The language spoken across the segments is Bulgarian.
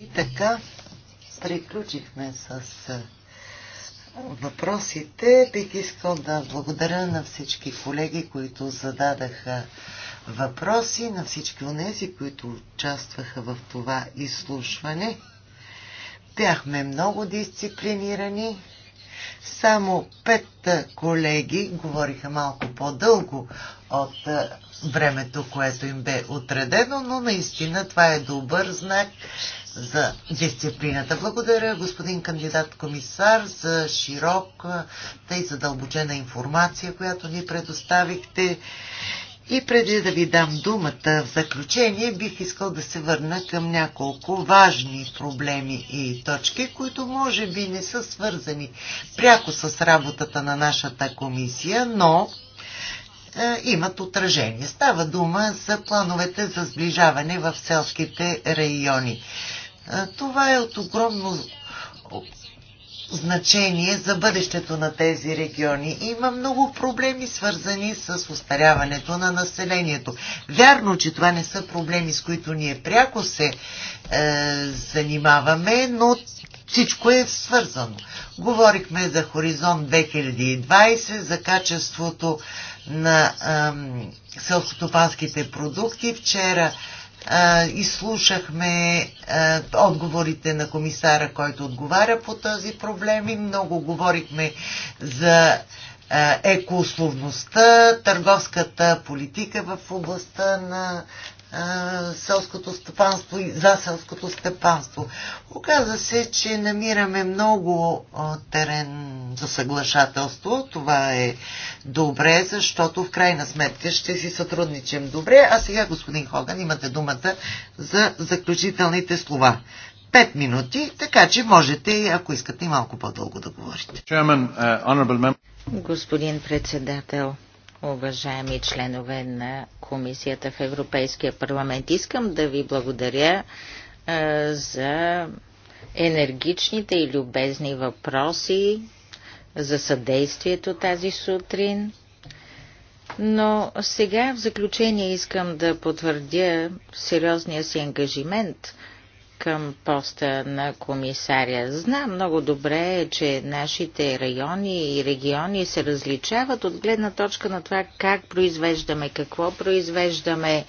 И така, приключихме с въпросите. Бих искал да благодаря на всички колеги, които зададаха въпроси, на всички онези, които участваха в това изслушване. Бяхме много дисциплинирани. Само пет колеги говориха малко по-дълго от времето, което им бе отредено, но наистина това е добър знак, за дисциплината. Благодаря, господин кандидат комисар, за широка и задълбочена информация, която ни предоставихте. И преди да ви дам думата в заключение, бих искал да се върна към няколко важни проблеми и точки, които може би не са свързани пряко с работата на нашата комисия, но е, имат отражение. Става дума за плановете за сближаване в селските райони. Това е от огромно значение за бъдещето на тези региони. Има много проблеми, свързани с устаряването на населението. Вярно, че това не са проблеми, с които ние пряко се е, занимаваме, но всичко е свързано. Говорихме за Хоризонт 2020, за качеството на е, селскотопанските продукти. Вчера е, изслушахме отговорите на комисара, който отговаря по този проблем и много говорихме за екоусловността, търговската политика в областта на селското стъпанство и за селското стъпанство. Оказа се, че намираме много терен за съглашателство. Това е добре, защото в крайна сметка ще си сътрудничим добре. А сега, господин Хоган, имате думата за заключителните слова. Пет минути, така че можете, ако искате, малко по-дълго да говорите. Uh, господин председател, уважаеми членове на Комисията в Европейския парламент. Искам да ви благодаря а, за енергичните и любезни въпроси, за съдействието тази сутрин. Но сега в заключение искам да потвърдя сериозния си ангажимент – към поста на комисаря. Знам много добре, че нашите райони и региони се различават от гледна точка на това как произвеждаме, какво произвеждаме.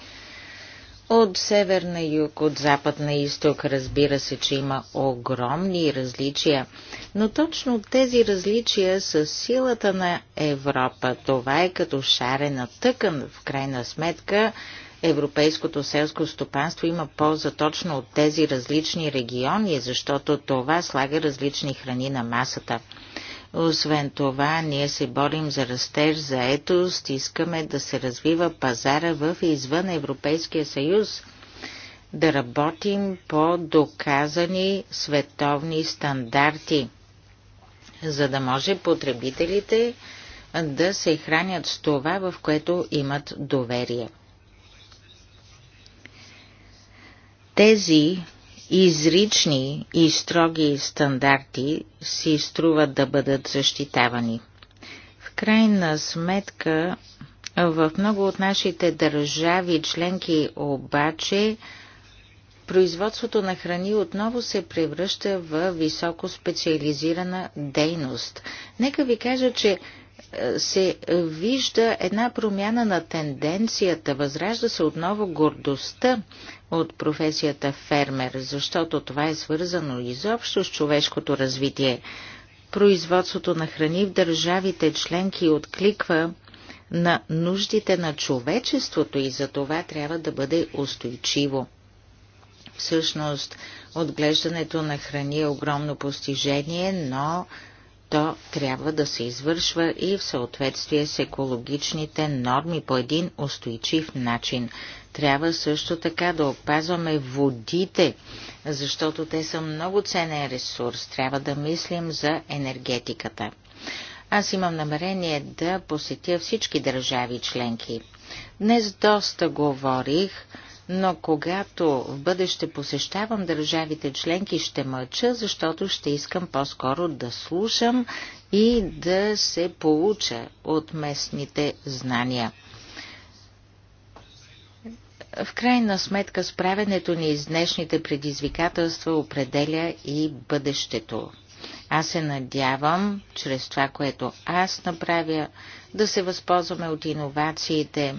От север на юг, от запад на изток, разбира се, че има огромни различия, но точно тези различия са силата на Европа. Това е като шарена тъкан, в крайна сметка, европейското селско стопанство има полза точно от тези различни региони, защото това слага различни храни на масата. Освен това, ние се борим за растеж, за етост, искаме да се развива пазара в и извън Европейския съюз, да работим по доказани световни стандарти, за да може потребителите да се хранят с това, в което имат доверие. Тези изрични и строги стандарти си струват да бъдат защитавани. В крайна сметка, в много от нашите държави членки обаче производството на храни отново се превръща в високо специализирана дейност. Нека ви кажа, че е, се вижда една промяна на тенденцията, възражда се отново гордостта от професията фермер, защото това е свързано изобщо с човешкото развитие. Производството на храни в държавите членки откликва на нуждите на човечеството и за това трябва да бъде устойчиво. Всъщност, отглеждането на храни е огромно постижение, но то трябва да се извършва и в съответствие с екологичните норми по един устойчив начин. Трябва също така да опазваме водите, защото те са много ценен ресурс. Трябва да мислим за енергетиката. Аз имам намерение да посетя всички държави членки. Днес доста говорих но когато в бъдеще посещавам държавите членки, ще мълча, защото ще искам по-скоро да слушам и да се получа от местните знания. В крайна сметка справенето ни с днешните предизвикателства определя и бъдещето. Аз се надявам, чрез това, което аз направя, да се възползваме от иновациите,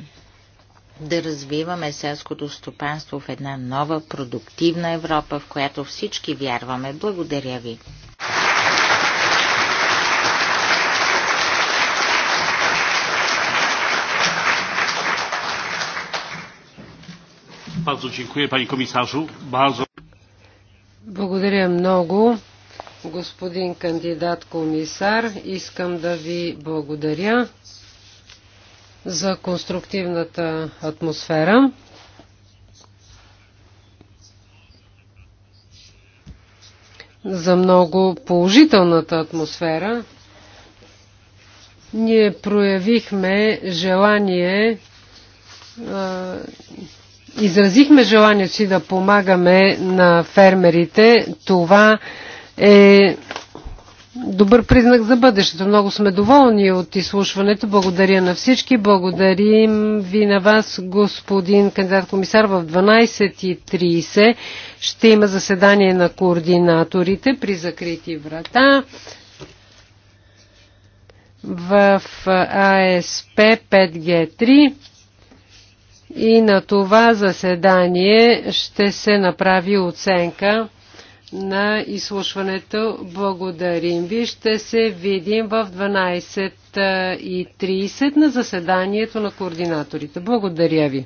да развиваме селското стопанство в една нова, продуктивна Европа, в която всички вярваме. Благодаря ви! Благодаря много, господин кандидат комисар. Искам да ви благодаря за конструктивната атмосфера. за много положителната атмосфера. Ние проявихме желание, изразихме желанието си да помагаме на фермерите. Това е добър признак за бъдещето. Много сме доволни от изслушването. Благодаря на всички. Благодарим ви на вас, господин кандидат комисар. В 12.30 ще има заседание на координаторите при закрити врата в АСП 5G3 и на това заседание ще се направи оценка на изслушването. Благодарим ви. Ще се видим в 12.30 на заседанието на координаторите. Благодаря ви.